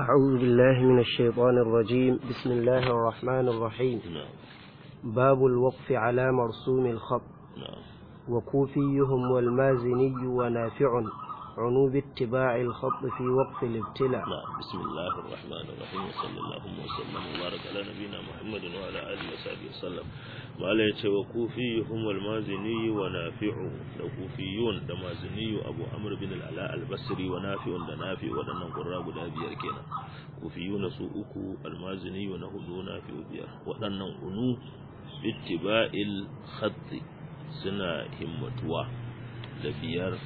أعوذ بالله من الشيطان الرجيم بسم الله الرحمن الرحيم نعم. باب الوقف على مرسوم الخط نعم. وكوفيهم والمازني ونافع عنوب اتباع الخط في وقف الابتلاء نعم. بسم الله الرحمن الرحيم صلى الله وسلم وبارك على نبينا محمد وعلى آله وصحبه وسلم قال وكوفي هم المازني ونافع وكوفيون المازني أبو عمرو بن العلاء البصري ونافع ونافع ودنا قراب دابير كنا كوفيون سوءكو المازني ونهد ونافع بيار ودنا أنو باتباع الخط سنة همتوا لبيار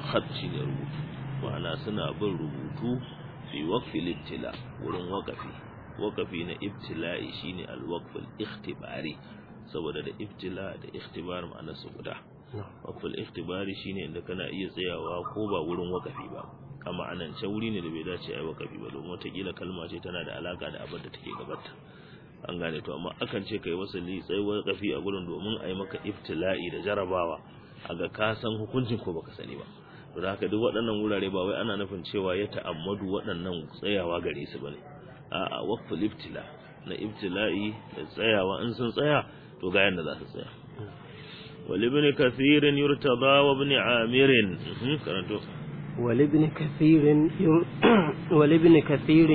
خط شنروت معنا سنا بالروتو في وقف الابتلاء ولن وقفه wakafi na ibtila'i shine alwaqful ikhtibari saboda da ibtila da ikhtibar ma'ana su guda wakful ikhtibari shine inda kana iya tsayawa ko ba wurin wakafi ba amma anan ce wuri ne da bai dace ai wakafi ba domin wata kila kalma ce tana da alaka da abin da take gabata an gane to amma akan ce kai wasali tsayi wakafi a gurin domin ai maka ibtila'i da jarabawa a ga ka san hukuncin ko baka sani ba to da haka duk waɗannan wurare ba wai ana nufin cewa ya ta'ammadu waɗannan tsayawa gare su bane a waqful ibtila na ibtila'i da tsayawa in sun tsaya to ga yanda za su tsaya wal ibn kathir yurtaba wa ibn amir mhm, karanto wal ibn kathir wal ibn kathir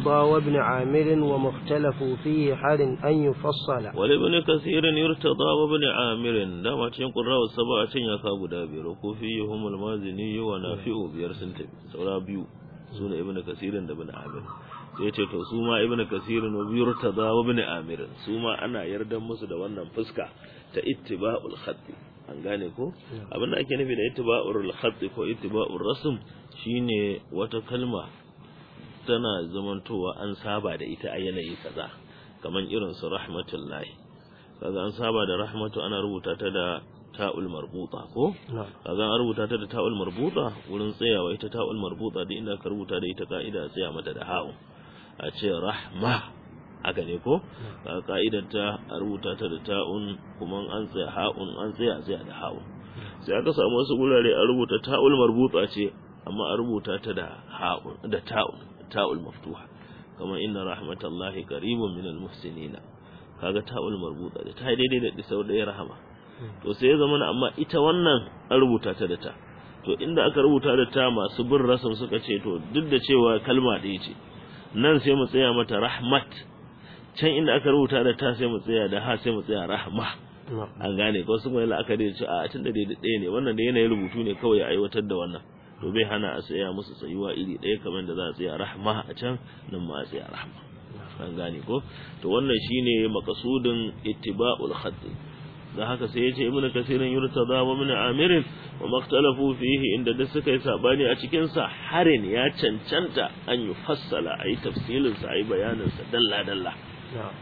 wa ibn amir wa mukhtalafu fihi halin an yufassala wal ibn kathir yurtaba wa ibn amir da ma cikin qurra'u a cin ya ka guda biyar ko fihi humul mazini wa nafi'u biyar sun tafi saura biyu sune ibn kathir da ibn amir sai ce to su ma ibnu kasir biyar ta za wa ibnu su ma ana yardan musu da wannan fuska ta ittiba'ul khat an gane ko abin da ake nufi da ittiba'ul khat ko ittiba'ul rasm shine wata kalma tana zamantowa an saba da ita a yanayi kaza kaman irin su rahmatullahi kaza an saba da rahmatu ana rubuta ta da ta'ul marbuta ko kaza an rubuta ta da ta'ul marbuta wurin tsayawa ita ta'ul marbuta da inda ka rubuta da ita ka'ida tsaya mata da ha'u a ce rahma haka ne ko ka'idar hmm. ta a rubuta ta da ta'un kuma an tsaya ha'un an tsaya tsaya da ha'un hmm. sai aka samu wasu gurare a rubuta ta'ul marbuta ce amma a rubuta ta da ha'un da ta'un ta'ul maftuha kamar inna rahmatallahi qaribun minal muhsinina kaga ta'ul marbuta da ta daidai da sau da rahama hmm. to sai ya zama amma ita wannan an rubuta ta da ta to inda aka rubuta da ta masu bin rasul suka ce to duk da cewa kalma ɗaya ce nan sai mu tsaya mata rahmat can inda aka rubuta da ta sai mu tsaya da ha sai mu tsaya rahma an gane ko sun wani la'akari ce a tun da dai ɗaya ne wannan da yanayin rubutu ne kawai a aiwatar da wannan to bai hana a tsaya musu tsayuwa iri ɗaya kamar da za a tsaya rahma a can nan ma a tsaya rahma an gane ko to wannan shine makasudin ittiba'ul khatti da haka sai yace ibnu kasirin yurtada wa min amirin wa maktalafu fihi inda duk suka yi sabani a cikin sa harin ya cancanta an fassala ayi tafsilin sa ayi bayanin sa dalla dalla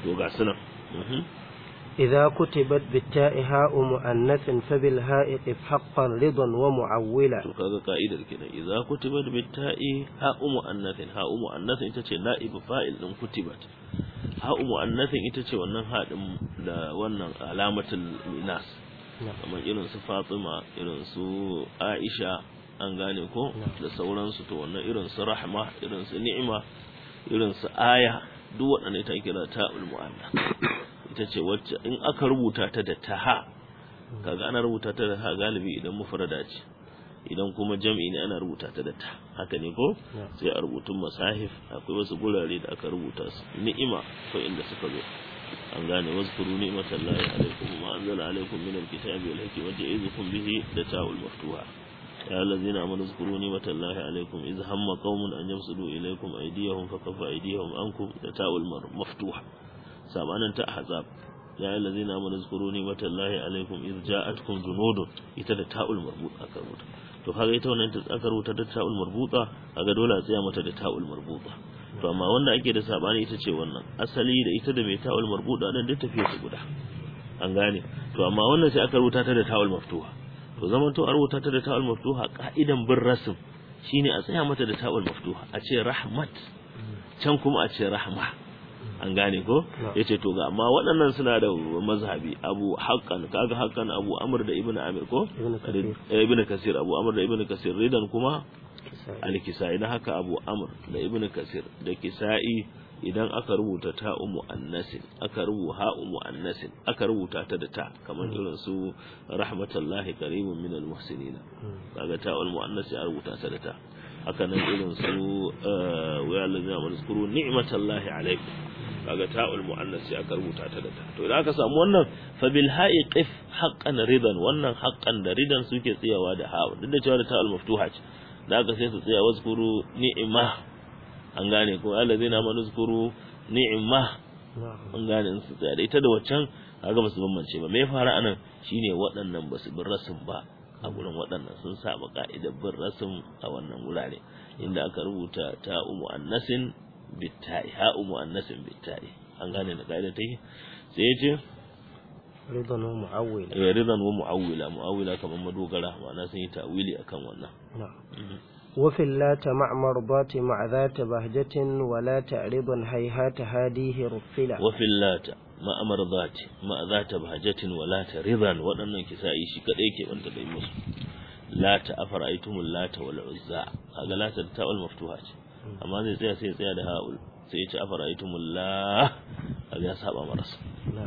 to ga sunan mhm. إذا كتبت بالتاء هاء مؤنث فبالهاء قف حقا رضا ومعولا kaga ka'idar kenan idza kutibat bitta'i ha'u mu'annathin ha'u mu'annathin ita ce na'ibu fa'il din kutibat ha'u mu'annathin ita ce wannan hadin da wannan alamatul inas irin su Fatima irin su Aisha an da sauransu to wannan irin su rahma irin su ni'ima irin su aya duk waɗannan ita kira ta'ul ita ce wacce in aka rubuta ta da taha kaga ana rubuta ta da ha galibi idan mufrada ce idan kuma jam'i ne ana rubuta ta da ta haka ne ko sai a rubutun masahif akwai wasu gurare da aka rubuta su ni'ima ko inda suka zo an gane wasu ni'ima ni'matallahi alaikum ma anzala alaikum min alkitabi wal hikmati ya'idukum bihi da ta'ul maftuha يا الذين آمنوا اذكروا نعمة الله عليكم إذ هم قوم ilaikum يبسطوا إليكم أيديهم فكف أيديهم da ta'ul maftuha sabanin ta ahzab ya allazina amanu zkuru ni'matallahi alaikum iz ja'atkum junudun ita da ta'ul marbut aka rubuta to kaga ita wannan ta aka rubuta da ta'ul marbuta kaga dole a tsaya mata da ta'ul marbuta to amma wanda ake da sabani ita ce wannan asali da ita da mai ta'ul marbuta din duk tafiye su guda an gane to amma wannan sai aka rubuta ta da ta'ul maftuha to zaman to a rubuta ta da ta'ul maftuha ka'idan bin rasim shine a tsaya mata da ta'ul maftuha a ce rahmat can kuma a ce rahma an gane ko yace to ga amma waɗannan suna da mazhabi abu haqqan kaga haqqan abu amr da ibnu amir ko ibnu kasir eh, abu amr da ibnu kasir ridan kuma al-kisai dan haka abu amr da ibnu kasir da kisai idan aka rubuta ta umu annasin aka rubuta ha umu annasin aka rubuta ta da ta kamar mm. irin su rahmatullahi karimun min al-muhsinina mm. kaga ta umu annasi a rubuta ta da ta haka nan irin su eh, wa yalladina wa ni'matallahi alaikum kaga ta'ul muannas sai aka rubuta ta da ta to idan aka samu wannan fa bil ha'i qif haqqan ridan wannan haqqan da ridan suke tsayawa da ha duk da cewa ta'ul maftuha ce da aka sai su tsaya wazkuru ni'ma an gane ko allazina manuzkuru ni'ma an gane su tsaya da ita da waccan kaga su bambance ba me ya fara anan shine waɗannan basu bin rasul ba a gurin waɗannan sun saba ka'idar bin rasul a wannan gurare inda aka rubuta ta'u muannasin bitta'i ha'u mu'annasin bitta'i an gane da ka'ida take sai ya ce ridan wa mu'awwila ridan wa mu'awwila mu'awwila kamar madogara ma'ana sun yi ta'wili akan wannan وفي اللات مع مرضات مع ذات بهجة ولا تعرض هيهات هذه رفلة وفي اللات مع مرضات مع ذات بهجة ولا تعرضا وأن كسائي شكريك وأنت بيمس لات أفرأيتم اللات والعزى هذا لات التاء المفتوحة amma zai tsaya sai ya tsaya da ha'ul sai ya ce afara'aitumullah a ya saba ma rasu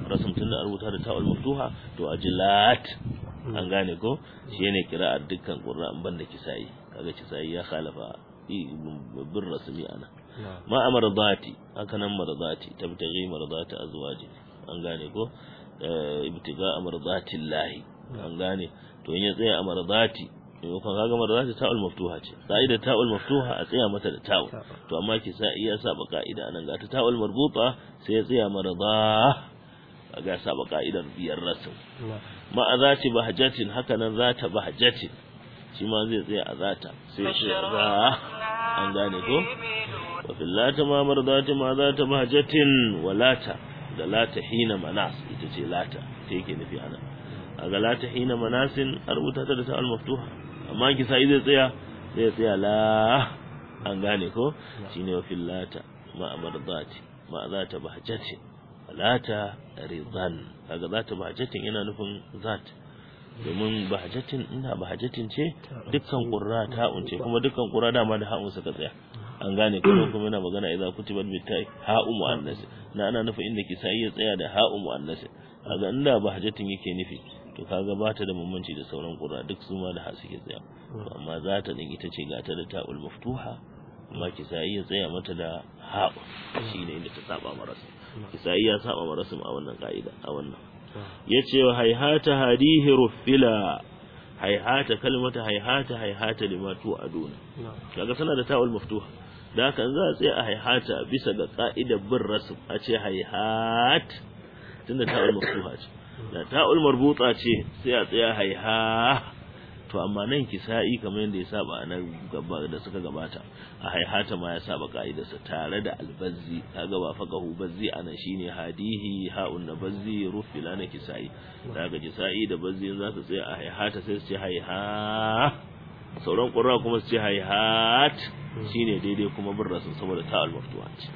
rasul tun da rubuta da ta'ul mutuha to a ajilat an gane ko shi ne a dukkan qur'an ban da kisayi kaga kisayi ya khalafa bin rasmi ana ma a marzati. haka nan marzati a marzati ji an gane ko eh, ibtiga a zati lahi an gane to in ya tsaya a marzati. yau kan kaga marra ta ta'ul maftuha ce ka'ida ta'ul maftuha a tsaya mata da ta'ul to amma ki sa iya saba ka'ida nan ga ta ta'ul marbuta sai ya tsaya marda ga saba ka'idar biyar rasu ma a za ta bahjatin haka nan za ta bahjatin shi ma zai tsaya a zata sai shi za an gane ko wa fillata ma mardati ma za ta bahjatin wa lata da lata hina manas ita ce lata ta yake nufi anan a ga lata hina manasin a rubuta ta da ta maftuha amma kisa'i zai tsaya zai tsaya la an gane ko ne wa lata ma amardati ma za ta bahjati lata ridan kaga za ta bahjatin yana nufin zat domin bahjatin ina bahjatin ce dukkan qurra ta unce kuma dukkan qurra dama da ha'un suka tsaya an gane kuma kuma yana magana idza kutibat bi ta ha'u muannas na ana nufin inda sai ya tsaya da ha'u muannas kaga inda bahjatin yake nufi to kaga ba ta da mummunci da sauran ƙura duk su ma da ha suke tsaya to amma za ta din ita ce ga ta da ta'ul maftuha amma sa ya tsaya mata da ha ne inda ta saba ki sa ya saba marasu a wannan ka'ida a wannan yace wa hayhata hadihi rufila haihata kalmata haihata haihata limatu aduna kaga sana da ta'ul maftuha da haka za a tsaya a haihata bisa ga ka'idar bin rasu a ce haihat tunda ta'ul maftuha ce da ta'ul marbuta ce sai a tsaya haiha to amma nan kisa'i kamar yadda ya saba nan gaba da suka gabata a haihata ma ya saba ka'idarsa tare da albazzi kaga ba faqahu bazzi ana shine hadihi ha'un na bazzi rufila na kisa'i daga kisa'i da bazzi za su tsaya a haihata sai su ce haiha sauran ƙura kuma su ce haihat shine daidai kuma bin rasul saboda ta'al maftuwa ce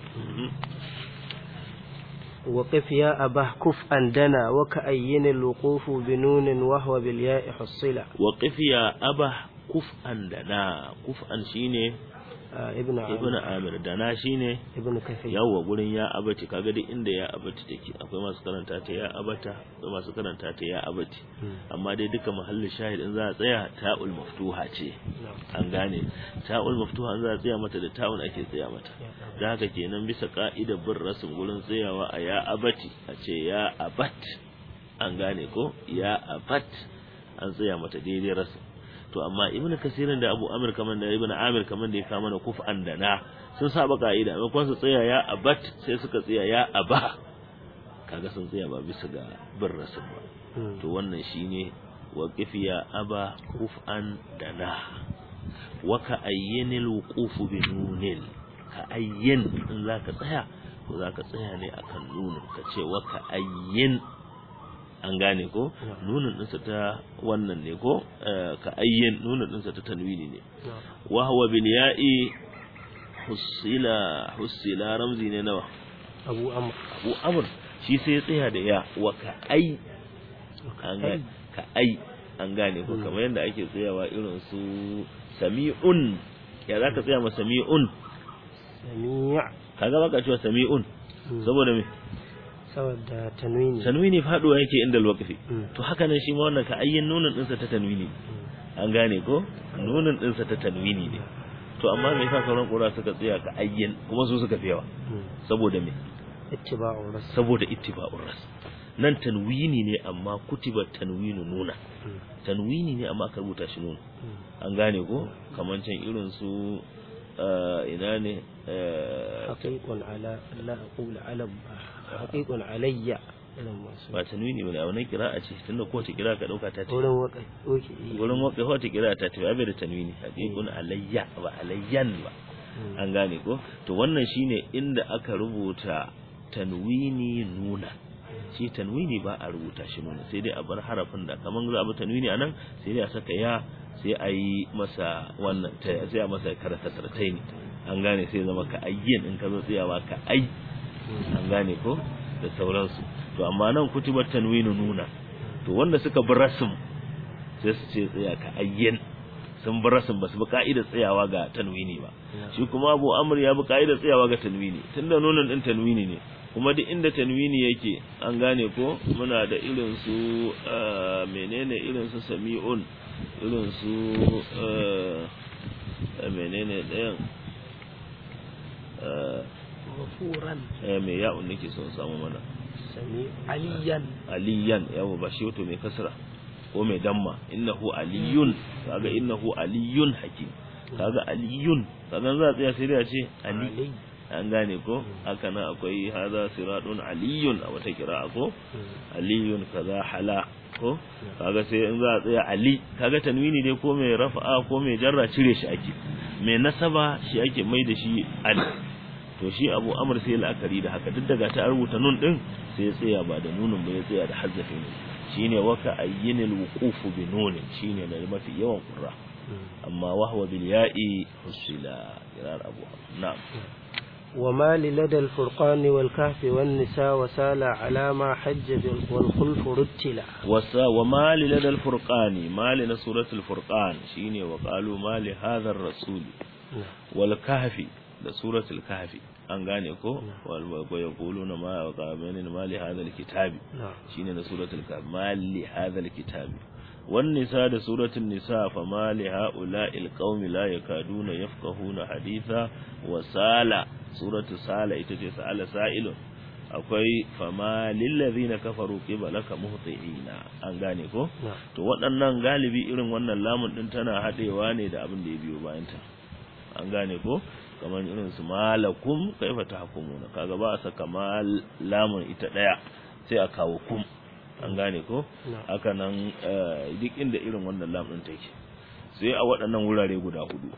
وقف يا أباه كف أندنا وكأين الوقوف بنون وهو بالياء حصلة وقف يا أباه كف أندنا كف أنشيني Uh, ibn amir da na shi ne yawwa yawa gurin ya abati kaga duk inda ya abati take akwai masu karanta ta ya abata akwai masu karanta ta ya abati hmm. amma dai duka mahallin shahid in za a tsaya ta'ul maftuha ce an gane ta'ul maftuha in za a tsaya mata da ta'ul ake tsaya mata da haka kenan bisa ka'ida bin rasul gurin tsayawa a ya abati a ce ya abat an gane ko ya abat an tsaya mata daidai rasul to amma ibnu kasirin da abu amir kaman da ibnu amir kaman da ya kama da kuf'an da na sun saba ka'ida kun su tsaya ya abat sai suka tsaya ya aba kaga sun tsaya ba bisa ga bin rasul ba hmm. to wannan shine wa qifiya aba kuf'an da na wa ka ayyinil wuqufu bi nunil ka ayyin in zaka tsaya ko zaka tsaya ne akan nunin ka ce wa ka ayyin an gane ko nunin ɗinsa ta wannan ne ko eh, ka ayyan nunin ɗinsa ta tanwini ne wa huwa bin ya'i husila husila ramzi ne nawa abu amr abu amr shi sai ya tsaya da ya wa ka ai ka ai an gane ko hmm. kamar yadda ake tsayawa irin su sami'un ya za ka tsaya ma sami'un sami'a kaga baka cewa sami'un hmm. saboda me saboda tanwini tanwini faduwa yake inda alwaqfi hmm. to haka nan shi ma wannan ka ayyin nunin dinsa ta tanwini hmm. an gane ko nunin dinsa ta tanwini ne to amma me yasa sauran kura suka tsaya ka ayyin kuma su suka fi yawa hmm. saboda me ittiba'u ras saboda ittiba'u ras nan tanwini ne amma kutiba tanwinu nuna tanwini ne amma aka rubuta shi nuna an gane ko kamar can irin su eh, ina ne eh, haqiqun ala la aqul ala haqiqun alayya ba a ce tunda ka ta ce eh. ta ce abin da tanwini eh. alayya ba alayyan ba hmm. an gane ko to wannan shine inda aka rubuta tanwini nuna shi tanwini ba a rubuta shi sai dai a bar harafin da kamar za a bi sai a saka ya sai masa wannan sai a masa ne an gane sai zama ka ayyin in ka zo tsayawa ka ai an gane ko da sauransu to amma nan kutubar tanwinu nuna to wanda suka bi rasim sai su ce tsaya ka ayyan sun bi rasim ba su bi ka'idar tsayawa ga tanwini ba shi kuma abu amr ya bi ka'idar tsayawa ga tanwini tunda nunan din tanwini ne kuma duk inda tanwini yake an gane ko muna da irin su eh, menene irin su sami'un irin su eh, eh, menene ɗayan غفورا eh me ya un nake son samu mana sami aliyan aliyan yawa ba shi wato mai kasra ko mai damma innahu aliyun kaga innahu aliyun hakim kaga aliyun kaga za a tsaya sai da ce ali an gane ko haka nan akwai haza siradun aliyun a wata kira'a ko hmm. aliyun kaza hala ko hmm. kaga sai in za a tsaya ali kaga tanwini ne ko mai rafa'a ko mai jarra cire shi ake mai nasaba shi ake mai da shi ali to shi abu amr sai la'akari da haka duk daga ta rubuta nun din sai ya tsaya ba da nunin ba ya tsaya da hazafi ne shine waka ayyinil wuqufu bi nunin shine da mafi yawan qurra hmm. amma wahwa bil ya'i husila irar abu na'am وما لدى الفرقان والكهف والنساء وسال على ما حج والخلف رتلا وما لدى الفرقان ما لنا الفرقان شيني وقالوا ما لهذا الرسول والكهف da suratul kafi an gane ko wa yaquluna ma qamin ma li hadha alkitab shine da suratul kafi ma li hadha alkitab wan nisa da suratul nisa fa ma li haula alqaumi la yakaduna yafqahuna haditha wa sala suratul sala ita ce sala sa'ilun akwai fama lillazina kafaru qibalaka muhtiina an gane ko to waɗannan galibi irin wannan lamun din tana hadewa ne da abin da ya biyo bayan ta an gane ko kamar irin su malakum kaifa tahkumuna kaga ba saka kamal lamun ita daya sai a kawo kum an gane ko haka nan eh, duk inda irin wannan lam din take sai a waɗannan wurare guda hudu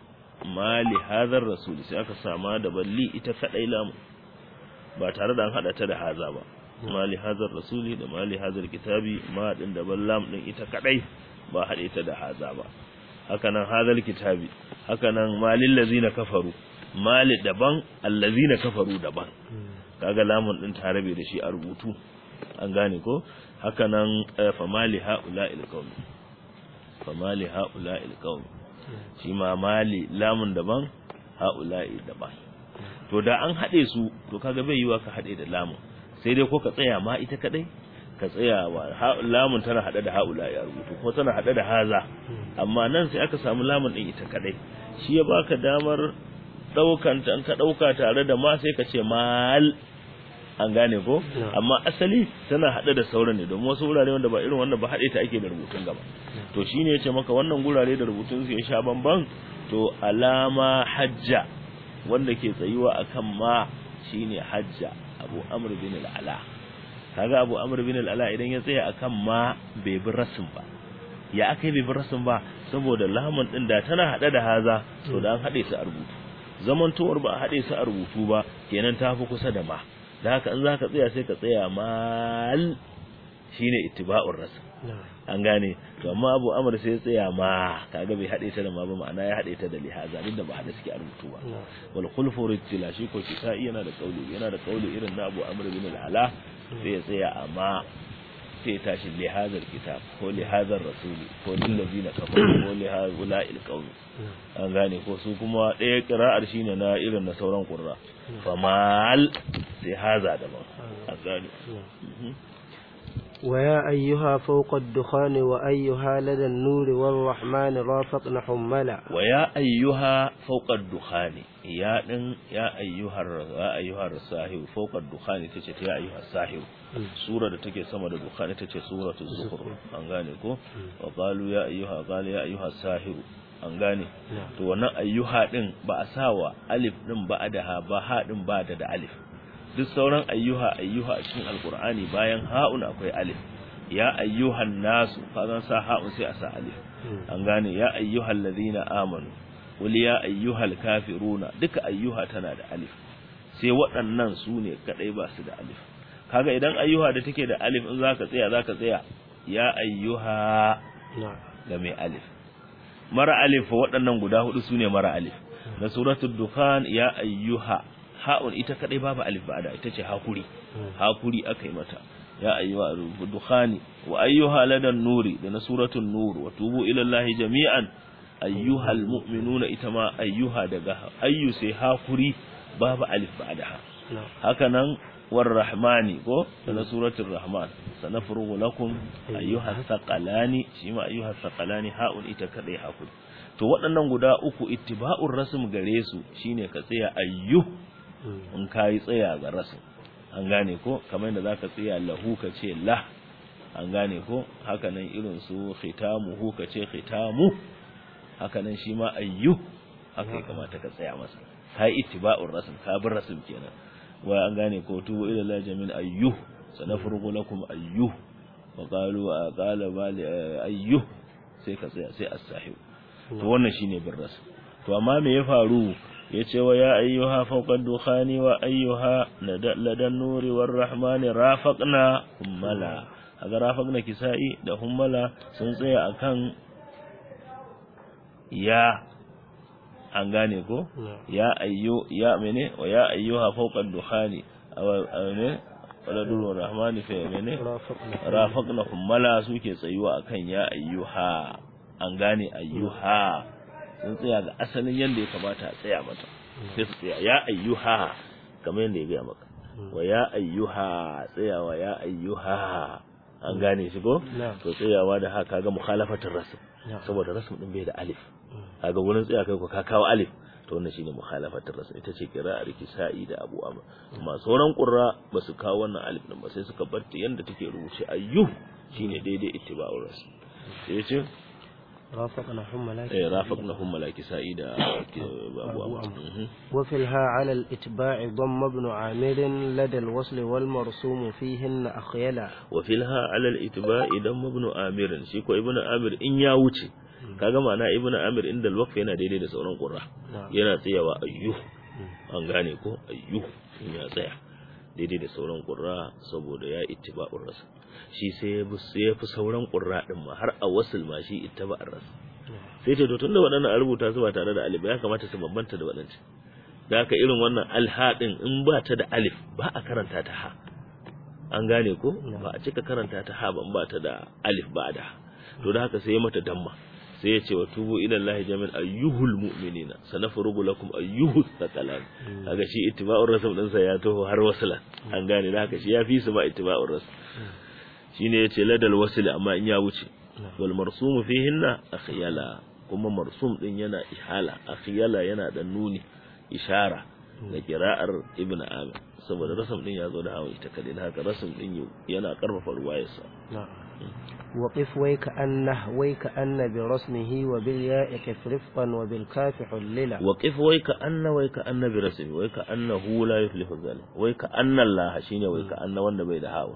mali hadar rasul sai aka sama da balli ita kadai lamun ba tare da an hada ta da haza ba mali hadar rasul da mali hadar kitabi ma din da ban lam din ita kadai ba hade ta da haza ba haka nan hadal kitabi haka nan malil ladzina kafaru mali daban allazina kafaru daban kaga lamun din tare bai da shi a rubutu an gane ko haka nan eh, fa mali haula il qaumi fa mali haula il qaumi shi ma mali lamun daban haula daban to da an hade su to kaga bai yiwa ka hade da lamun sai dai ko ka tsaya ma ita kadai ka tsaya wa lamun tana hada da haula ya rubutu ko tana hada da haza amma nan sai aka samu lamun din ita kadai shi ya baka damar daukan ta ka dauka tare da ma sai ka ce mal an gane ko amma asali tana hada da sauran ne domin wasu wurare wanda ba irin wanda ba hade ta ake da rubutun gaba to shine yace maka wannan gurare da rubutun su ya sha bamban to alama hajja wanda ke tsayuwa akan ma shine hajja abu amr bin al-ala kaga abu amr bin al-ala idan ya tsaya akan ma bai bi rasim ba ya akai bai bi rasim ba saboda lamun ɗin da tana hada da haza to an hade su a rubutu Zamantuwar ba a haɗe su a rubutu ba kenan ta fi kusa da ma da haka in za ka tsaya sai ka tsaya mal shine ittiba'ur rasa an gane to amma abu amur sai tsaya ma kaga bai haɗe ta da ma ba ma'ana ya haɗe ta da liha din da ba hada suke a rubutu ba wal khulfu rijla shi ko shi yana da kauli yana da kauli irin na abu amur bin al'ala sai ya tsaya amma sai tashi lihazar kitab ko lihazar rasuli ko lillazi na kafa ko lihazula ilkaun an gane ko su kuma ɗaya kira'ar shi ne na irin na sauran ƙurra hmm. famal sai haza daban a gane hmm. mhm. ويا أيها فوق الدخان وأيها لدى النور والرحمن رافقنا حملا ويا أيها فوق الدخان يا دن يا أيها يا أيها الصاحب فوق الدخان تجي يا أيها الصاحب سورة تجي سما الدخان تجي سورة الزخرف أنغانيكو وقالوا يا أيها قال يا أيها الصاحب an gane to wannan ayyuha din ba a sawa alif din ba da ha ba ha din ba da da alif duk sauran ayyuha ayyuha a cikin alqur'ani bayan ha'un akwai alif ya ayyuhan nasu zan sa ha'un sai a sa alif hmm. an gane ya ayyuhal ladina amanu qul ya ayyuhal kafiruna duka ayyuha tana da alif sai waɗannan su ne kadai ba su da alif kaga idan ayyuha da take da alif in zaka tsaya zaka tsaya ya ayyuha da mai alif mara alif waɗannan guda hudu su ne mara alif na suratul dukhan ya ayyuha ha'un ita kadai babu alif ba'ada ita ce hakuri hmm. hakuri aka yi mata ya ayyuha dukhani wa ayyuha ladan nuri da na suratul nur wa tubu ila allahi jami'an ayyuha mu'minuna ita ma ayyuha daga ayyu sai hakuri babu alif ba'ada haka nan war rahmani ko na hmm. suratul rahman sanafrugu lakum hmm. ayyuha thaqalani shi ma ayyuha thaqalani haun ita kadai hakuri to waɗannan guda uku ittiba'ur rasm gare su shine ka tsaya ayyuh Mm. in ka yi tsaya ga rasa an gane ko kamar yadda zaka tsaya lahu ka ce la an gane ko haka irin su khitamu hu ka ce khitamu haka nan shi ma ayyu haka ya kamata ka tsaya masa ka yi ittiba'ur rasu ka bin rasu kenan wa an gane ko tu ila la jamin ayyu sana'furgu lakum ayyu wa qalu qala bali eh, ayyu sai ka tsaya sai as-sahib to mm. wannan shine bin rasu. to amma me ya faru ce wa ya ayyuha fawqa dukhani wa ayyuha ladan nuri war rahmani rafaqna ummala aga rafaqna kisai da hummala sun tsaya akan ya an gane ko ya ayyu ya mene wa ya ayyuha fawqa dukhani awane waladur rahmani fa mene rafaqna hummala suke tsayuwa akan ya ayyuha an gane ayyuha sun tsaya ga asalin yanda ya kamata a tsaya mata sai su tsaya ya ayyuha kamar yanda ya gaya maka hmm. wa ya ayyuha tsayawa ya ayyuha an gane shi ko hmm. to tsayawa da haka ga mukhalafatar rasul saboda rasul din bai da alif hmm. kaga wurin tsaya kai ko ka kawo alif to wannan shine mukhalafatar rasul ita ce riki sa'i da abu amma amma sauran qurra ba su kawo wannan alif din ba sai suka bar ta yanda take rubuce ayyuh shine daidai ittiba'ur rasul sai رافقنهم ملاك سعيد أبو أمر وفي الها على الإتباع ضم ابن عامر لدى الوصل والمرسوم فيهن أخيلا وفي الها على الإتباع ضم ابن عامر شيكو ابن عامر إن ياوتي kaga ma'ana ibnu amir inda alwaqf yana daidai da sauran qurra yana tsayawa ayyu an gane ko ayyu ya tsaya daidai da sauran qurra saboda ya ittiba'ur rasul shi sai ya fi sauran ƙurra ɗin ma har a wasul ma shi ita ba rasa hmm. sai ce to da waɗannan a rubuta su ba tare da alif ya kamata su bambanta da waɗancan da haka irin wannan alha ɗin in ba ta da alif ba a karanta ta ha an gane ko hmm. ba a cika karanta ta ha ban ba ta da alif ba da ha. to da haka sai ya mata damma sai ya ce wa tubu ila Allah jami'an ayyuhul mu'minina sanafrugu lakum ayyuhus thaqalan hmm. kaga shi ittiba'ur rasul din sa ya toho har wasala an gane da haka shi ya fi su ma ittiba'ur rasul shine yace ladal wasili amma in ya wuce wal marsum fihinna akhyala kuma marsum din yana ihala akhyala yana da nuni ishara da kira'ar ibnu amir saboda rasam din ya zo da hawa ita kadai haka rasam din yana karfafa ruwayarsa na'am وقف ويك أنه ويك أن برسمه وبالياء كف رفقا وبالكاف حللا وقف ويك أن ويك أن برسمه ويك أنه لا يفلح الظالم ويك أن الله شيني ويك أن وند بيد هاون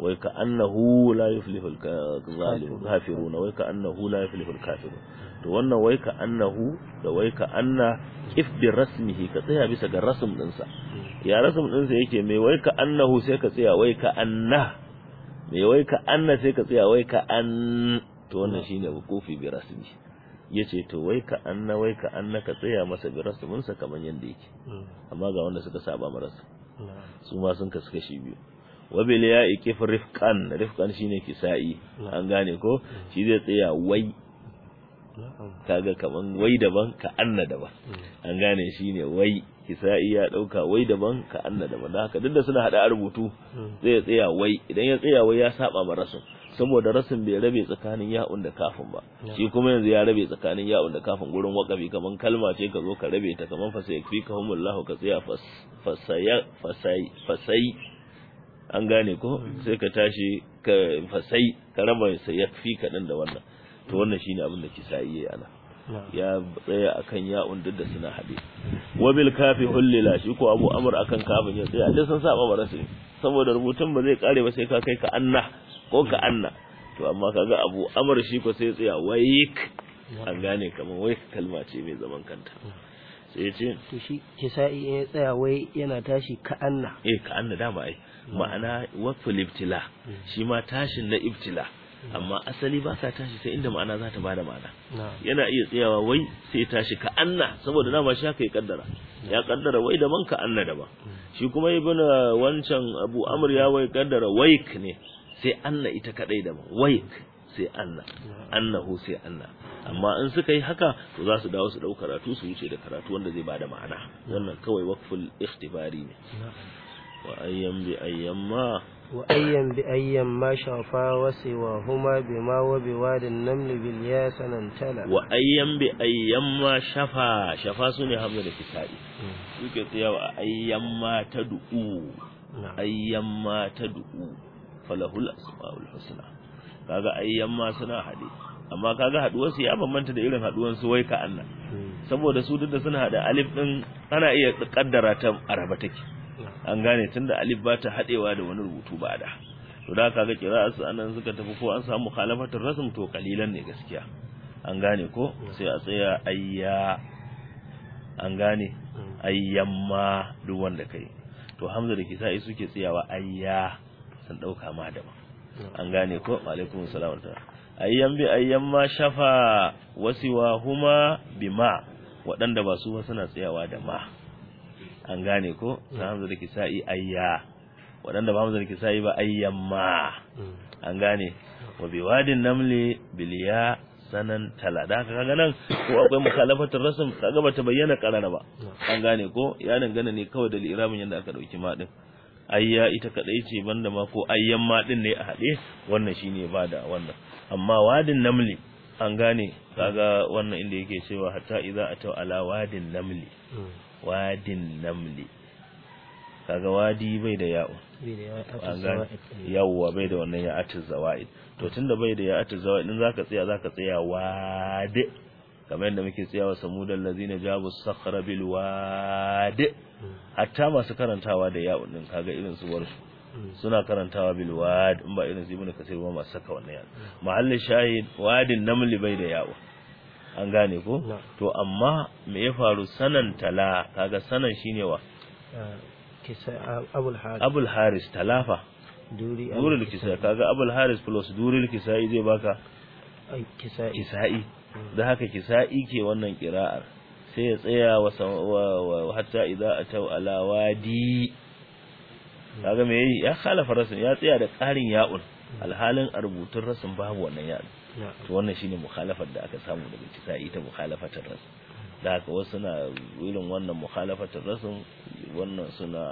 ويك أنه لا يفلح الظالم الكافرون ويك أنه لا يفلح الكافرون to wannan wai ka annahu da wai ka anna if bi rasmihi ka tsaya bisa ga rasm dinsa ya rasm dinsa yake mai wai ka annahu sai ka tsaya wai ka anna me wai ka anna sai ka tsaya wai ka an to wannan shine kofi bi rasmi yace to wai ka anna wai ka anna ka tsaya masa bi rasmin sa kaman yanda yake amma ga wanda suka saba marasa su ma sun kasu kashi biyu wabila ya ikif rifqan rifqan shine kisa'i an gane ko shi zai tsaya wai kaga kaman wai daban ka anna daban an gane shine wai kisa'i ya dauka wai daban ka anna daban da haka duk da suna hada a rubutu zai tsaya wai idan ya tsaya wai ya saba ma rasin saboda rasin bai rabe tsakanin ya'un da kafin ba shi kuma yanzu ya rabe tsakanin ya'un da kafin gurin wakafi kaman kalma ce ka zo ka rabe ta kaman fasai fi ka humullahu ka tsaya fasai fasai an gane ko hmm. sai ka tashi ka fasai ka raba sai ya ka da wannan to wannan shine abin da kisa'i yayi anan ya tsaya akan ya duk da suna haɗe Wabil bil kafi hullila shi ko abu amur akan kafin ya tsaya duk sun saba ba barasi saboda rubutun ba zai kare ba sai ka kai ka anna ko ka anna to amma kaga abu amur shi ko sai tsaya waik an gane kamar wai kalma ce mai zaman kanta sai ce to shi kisa'i ya tsaya wai yana tashi ka anna eh ka anna dama ai ma'ana wa ibtila mm. shi ma tashin na ibtila amma asali ba sa tashi sai inda ma'ana za ta ba da ma'ana yana iya tsayawa wai sai tashi ka anna saboda dama shi haka ya kaddara ya kaddara wai daban ka anna daban hmm. shi kuma ibn uh, wancan abu amr ya wai kaddara waik ne sai anna ita kadai ba waik sai anna annahu sai anna amma in suka yi haka to za su dawo su dau karatu su wuce da karatu wanda zai ba da ma'ana wannan kawai waqful ikhtibari ne wa ayyam bi ayyamma وأيا بأيا ما شرفا وسواهما بما وبواد النمل بالياس ننتلى وأيا بأيا ما شفا شفا سني حمد الكتاب يكت يا وأيا ما تدعو أيا ما تدعو فله الأسماء الحسنى kaga ayyan ma suna haɗe amma kaga haɗuwar su ya bambanta da irin haɗuwar wai ka annan saboda su duk da suna haɗa alif ɗin, ana iya ƙaddara ta araba take an gane tunda alif ba ta hadewa da wani rubutu ba da to da kaga kira'arsu anan suka tafi ko an samu mukhalafatul rasm to kalilan ne gaskiya an gane ko sai a tsaya ayya an gane ayyamma duk wanda kai to hamza da kisa'i suke tsayawa ayya sun dauka ma da ba an gane ko alaikum salam ayyam bi ayyamma ma shafa wasiwa huma bima waɗanda ba su ba suna tsayawa da ma an gane ko ta mm. hamza da kisa'i ayya waɗanda ba hamza da kisa'i ba ma mm. an gane wa biwadin namli biliya sanan talada ga nan ko akwai mukhalafatul rasm ga bata bayyana karara ba an gane ko ya gane ne kawai da liramin yanda aka dauki ma din ayya ita kadai ce banda ma ko ayyan ma din ne a hade wannan shine ba da wannan amma wadin namli an gane kaga wannan inda yake cewa hatta idza ataw ala wadin namli mm. wadin namli kaga wadi bai da yawo yawwa bai da wannan ya'atul zawaid to tunda bai da ya'atul zawaid in zaka tsaya zaka tsaya wadi kamar yadda muke tsaya wa samudan lazina jabu sakhra bil wadi hatta masu karantawa da yawo din kaga irin su warsu hmm. suna karantawa bil wadi in ba irin su ibnu kasir ba masu saka wannan ya hmm. mahallin shahid wadin namli bai da yawo an gane ko to amma me ya faru sanan tala kaga sanan shine wa eh, abul haris talafa duril kisai kaga abul haris plus duril kisai zai baka kisai hmm. da haka kisai ke wannan kira'ar sai ya tsaya wa hatta idza atau ala wadi hmm. kaga me yayi ya khalafa rasul ya tsaya da ƙarin ya'un alhalin a rubutun rasul babu wannan ya'un to wannan shine mukhalafar da aka samu daga cikin ita mukhalafatar rasul da haka wasu suna irin wannan mukhalafatar rasul wannan suna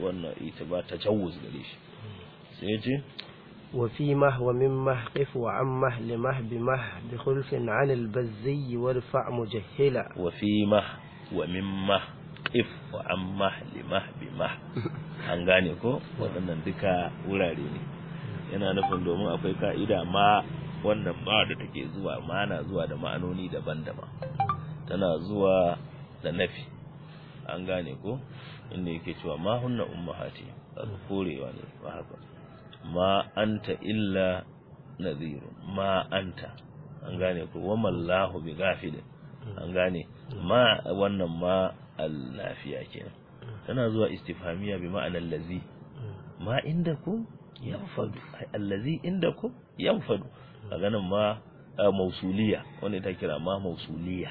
wannan ita ba ta jawuz gare shi sai ya ce bi ma bi مه قف al bazzi wa rafa mujahila wa fi ma wa min ma qif wa amma li ma bi ma an gane ko waɗannan duka wurare ne yana nufin domin akwai ka'ida ma wannan ba da take zuwa na zuwa da ma'anoni daban-daban tana zuwa da nafi an gane ko inda yake cewa ma hunna ummahati aka korewa ne ba haka ma anta illa nadhir ma anta an gane ko wa mallahu bi ghafilin an gane ma wannan ma al-nafiya kenan tana zuwa istifhamiya bi ma'anar allazi ma inda ku yanfadu ai allazi inda ku yanfadu a ganin ma mausuliya wani ta kira ma mausuliya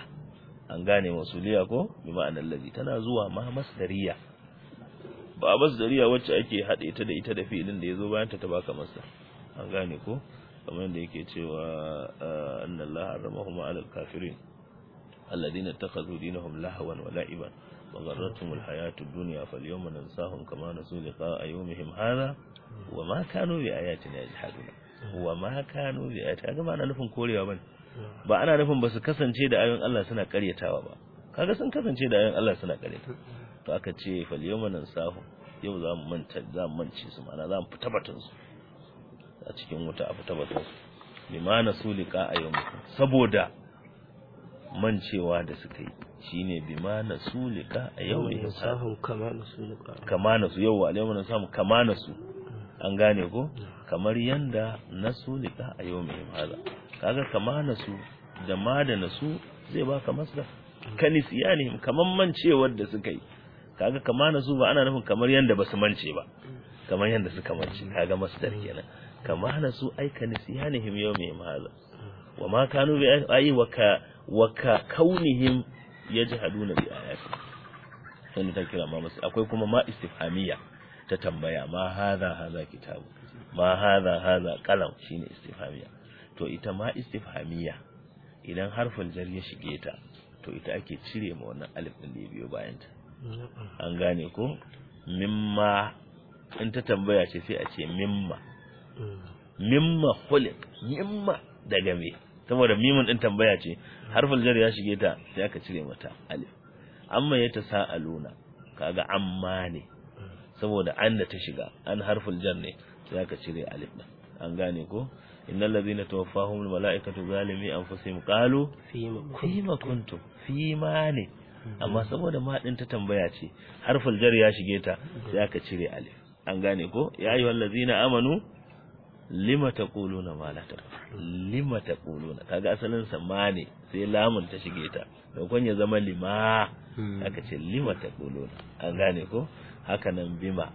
an gane mausuliya ko bi ma'anar lazi tana zuwa ma masdariya ba masdariya wacce ake haɗe ta da ita da filin da ya zo bayan ta ta baka masa an gane ko kamar da yake cewa anna Allah haramahu ma alal kafirin alladhina dina hum lahawan wa la'iban wa gharratuhum duniya dunya falyawma nansahum kama nasu liqa'a yawmihim hadha wa ma kanu bi ayatina yajhadun wa ma kanu bi ayati ga ma ana nufin korewa bane ba ana nufin ba su kasance da ayoyin Allah suna karyatawa ba kaga sun kasance da ayoyin Allah suna karyata to aka ce fal yawma nansahu yau za mu manta za mu mance su ma'ana za mu fita batun su a cikin wuta a fita batun su bima nasu liqa ayyum saboda mancewa da suka yi shine bima nasu liqa ayyum kama nasu liqa kama nasu yau wa alayhi samu kama nasu an gane ko kamar yanda nasu liqa a yau mai maza kaga kama nasu da ma da nasu zai baka masdar kanis ne kamar mancewar da suka yi kaga kama nasu ba ana nufin kamar yanda su mance ba kamar yanda suka mance kaga masdar kenan kama nasu ai kanis him yau mai maza wa ma kanu bi ayi wa ka wa ka kaunihim yajhaduna bi ayati sannan ta kira ma masu akwai kuma ma istifhamiyya ta tambaya ma hadha hadha kitabu ma hadha hadha qalam shine istifhamiya to ita ma istifhamiya idan harfin jar ya shige ta to ita ake cire ma wannan alif din da biyo bayan ta an gane ko mimma in ta tambaya ce sai a ce mimma mimma khuliq mimma daga me saboda mimin din tambaya ce harfin jar ya shige ta sai aka cire mata alif amma ya sa'aluna kaga amma ne saboda an da ta shiga an harful jar ne sai ka cire alif din an gane ko innal ladhina tawaffahumul malaikatu zalimi anfusihim qalu fima kuntum fima ne mhm. amma saboda ma din ta tambaya ce harful jar ya shige ta sai ka cire alif an gane ko ya ayyuhal ladhina amanu lima taquluna ma la lima taquluna kaga asalin sa ma ne sai lamun ta shige ta dokon ya zama lima hmm. aka ce lima taquluna an gane ko hakanan bima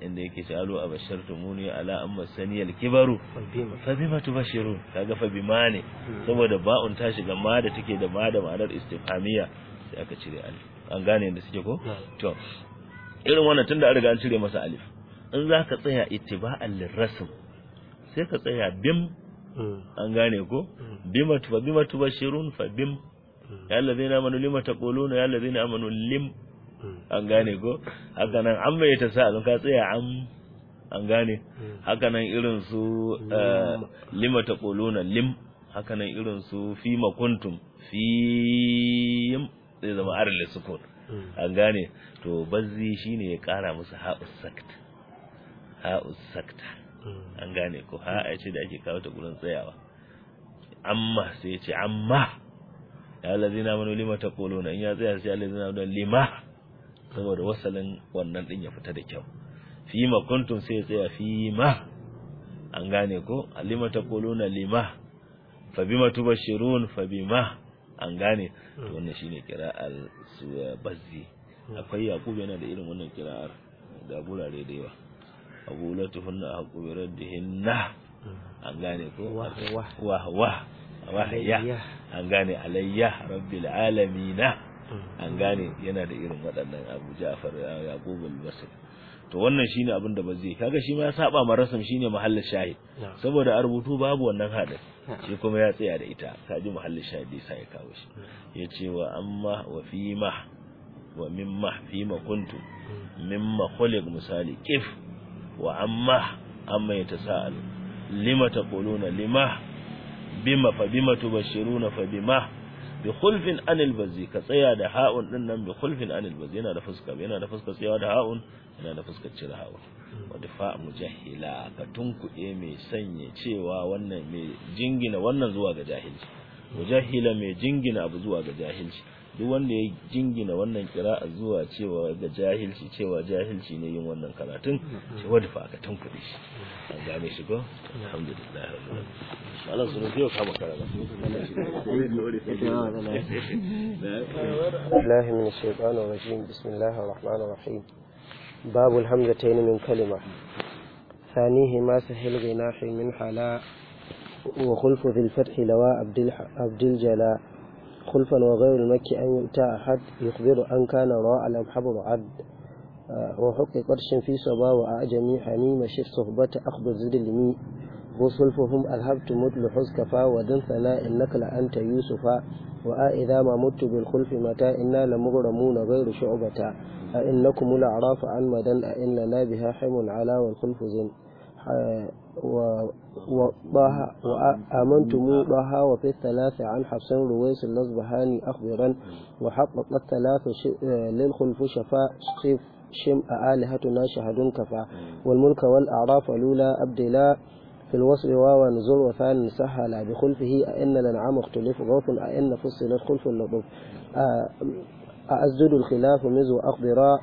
inda yake ce alu tumuni ala amma saniyal kibaru fa bima bashiru kaga fa bima ne hmm. saboda ba'un ta shiga ma da take da ma da ma'anar istifhamiya sai aka cire alif an gane yadda suke ko hmm. to irin wannan tunda an riga an cire masa alif in za ka tsaya ittiba'an lirrasim sai ka tsaya bim hmm. an gane ko bima fa bima tubashirun fa bim ya allazina amanu lima taquluna ya allazina amanu lim Hmm. an gane ko haka nan an mai ta sa ka tsaya an an gane hmm. haka nan irin su lima eh, ta kuluna lim haka nan irin su fi makuntum fi zai zama arile sukun hmm. an gane to bazzi shine ya kara musu ha'us sakta ha'us sakta an gane ko ha'a ce da ake kawo ta gurin tsayawa amma sai ya ce amma ya lazina manu lima ta na in ya tsaya sai ya lazina manu lima saboda wasalin wannan din ya fita da kyau fi ma kuntum sai ya tsaya fi ma an gane ko alima taquluna lima fa bima tubashirun fa bima an gane to wannan shine al eh, bazzi akwai yaqub yana da irin wannan kira'ar da gurare da yawa abulatu hunna haqqu bi raddihinna an gane ko wah wah wah an gane alayya rabbil alamina Mm. an gane yana da irin waɗannan Abu Ja'far ya al basir to wannan shine abin da ba zai kaga shi ma ya saba ma rasam shine mahallin shahid saboda a rubutu babu wannan hadin shi kuma ya tsaya da ita kaji mahallin shahid sai ya kawo shi ce wa amma wa fi wa mimma fi kuntu mm. mimma khuliq misali kif wa amma amma yatasaalu lima taquluna lima bima fa bima tubashiruna fa bima bi khulfin anil bazi ka tsaya da ha'un din nan bi khulfin anil bazi yana da fuska yana da fuska tsayawa da ha'un yana da fuska cire ha'un wa difa mujahila ka tunkuɗe mai sanya cewa wannan mai jingina wannan zuwa ga jahilci mujahila mai jingina abu zuwa ga jahilci duk wanda ya jingina wannan kira a zuwa cewa ga jahilci cewa jahilci ne yin wannan karatun shi wadda fa aka tun kuɗi shi a gane shi ko alhamdulillah alhamdulillah su rufe ka maka rana Allah min shaytanir rajim ar-rahman ar rahim babu alhamzatayn min kalima ثانيهما سهل غناح من حلا وخلف في الفتح لواء عبد الجلاء خلفا وغير المكي أن يؤتى أحد يخبر أن كان راء لم حبر عد آه، وحق قرش في صبا وأعجمي حميم شف صحبة أخذ زد المي وصلفهم ألهبت مثل حزكفا وذن ثناء إنك لأنت يوسفا وإذا ما مت بالخلف متى إنا لمغرمون غير شعبة أئنكم الأعراف عن مدن أئن لنا بها حم على والخلف زن آه، وضاها وآمنتم ضاها وفي الثلاث عن حسن رويس النصبهاني أخبرا وحقق الثلاث آه، للخلف شفاء شف شم آلهتنا شهد كفى والملك والأعراف الأولى أبدلا في الوصل واو نزول وثان سهل بخلفه أئن الأنعام اختلف غوث أئن فصل الخلف اللطف آه، أأزد الخلاف مز وأخبرا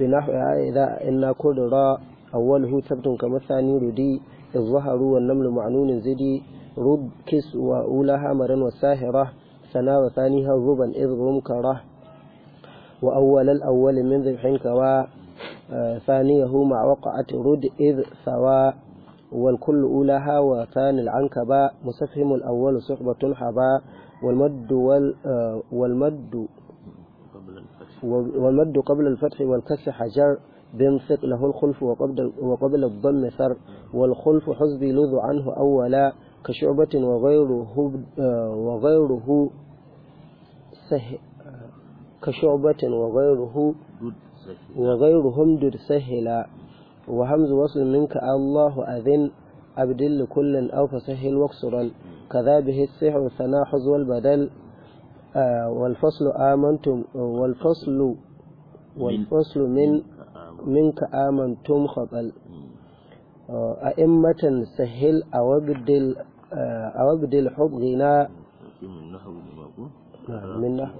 بنحو إذا إن كل راء أوله ثبت كمثاني ردي الظهر والنمل معنون زدي رد كس وأولها مرا وساهرة ثنا وثانيها ربا إذ غمكرة وأول الأول من ذبح كوا آه، ثانيه مع وقعة رد إذ ثوا والكل أولها وثاني العنكبا مسفهم الأول صحبة حبا والمد وال والمد آه، والمد قبل الفتح والكسر حجر بمسك له الخلف وقبل, وقبل الضم سر والخلف حزب يلوذ عنه أولا كشعبة وغيره, آه، وغيره سه كشعبة وغيره وغيرهم در سهلا وهمز وصل منك الله أذن أبدل لكل أو فسهل واكسرا كذا به السحر ثنا حزو البدل آه، والفصل آمنتم والفصل والفصل من منك توم خبل آه، أئمة سهل أوجد حب الحبغنا من نحو من نحو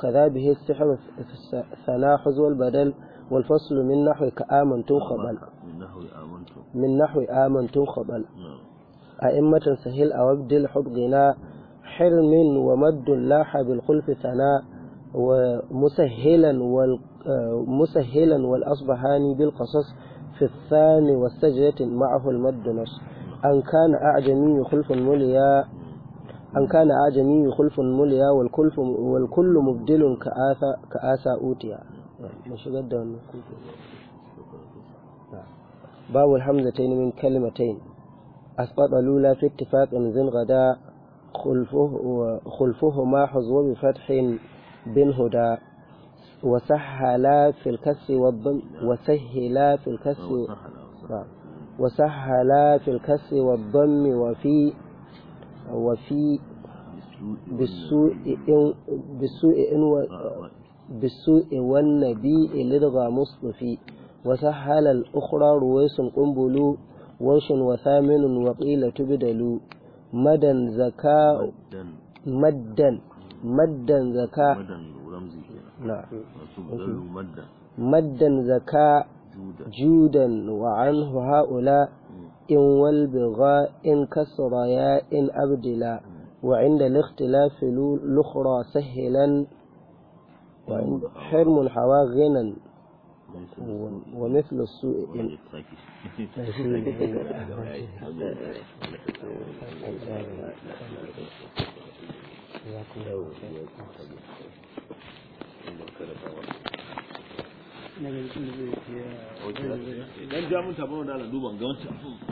كذا به السحر والتناحز كذا والبدل والفصل من نحو كآمنتم خبل من نحو آمن من نحو آمنتم خبل أئمة سهل أوجد الحبغنا حرم ومد لاح بالخلف ثناء ومسهلا ومسهلا والأصبحاني بالقصص في الثاني والسجدة معه المد نص أن كان أعجمي خلف المليا أن كان أعجمي خلف المليا والكل والكل مبدل كآسا كآسا أوتيا نعم. باب الحمزتين من كلمتين أسقط الأولى في اتفاق ذي غدا خلفه خلفهما حظ بفتح بالهدى وسهل في الكسر والضم وسهل في الكسر وسهل في الكسر والضم وفي وفي بالسوء بالسوء بالسوء والنبي لدغى مصطفي وسهل الأخرى رويس قنبل وش وثامن وقيل تبدل مدا زكاء مدا مدا زكاة مدا نعم. زكاة جودا وعنه هؤلاء إن والبغاء إن كسر يا إن أبدلا وعند الاختلاف الأخرى سهلا حرم الحوا غنا ومثل السوء dan ja mun tabbata da duban ga wancan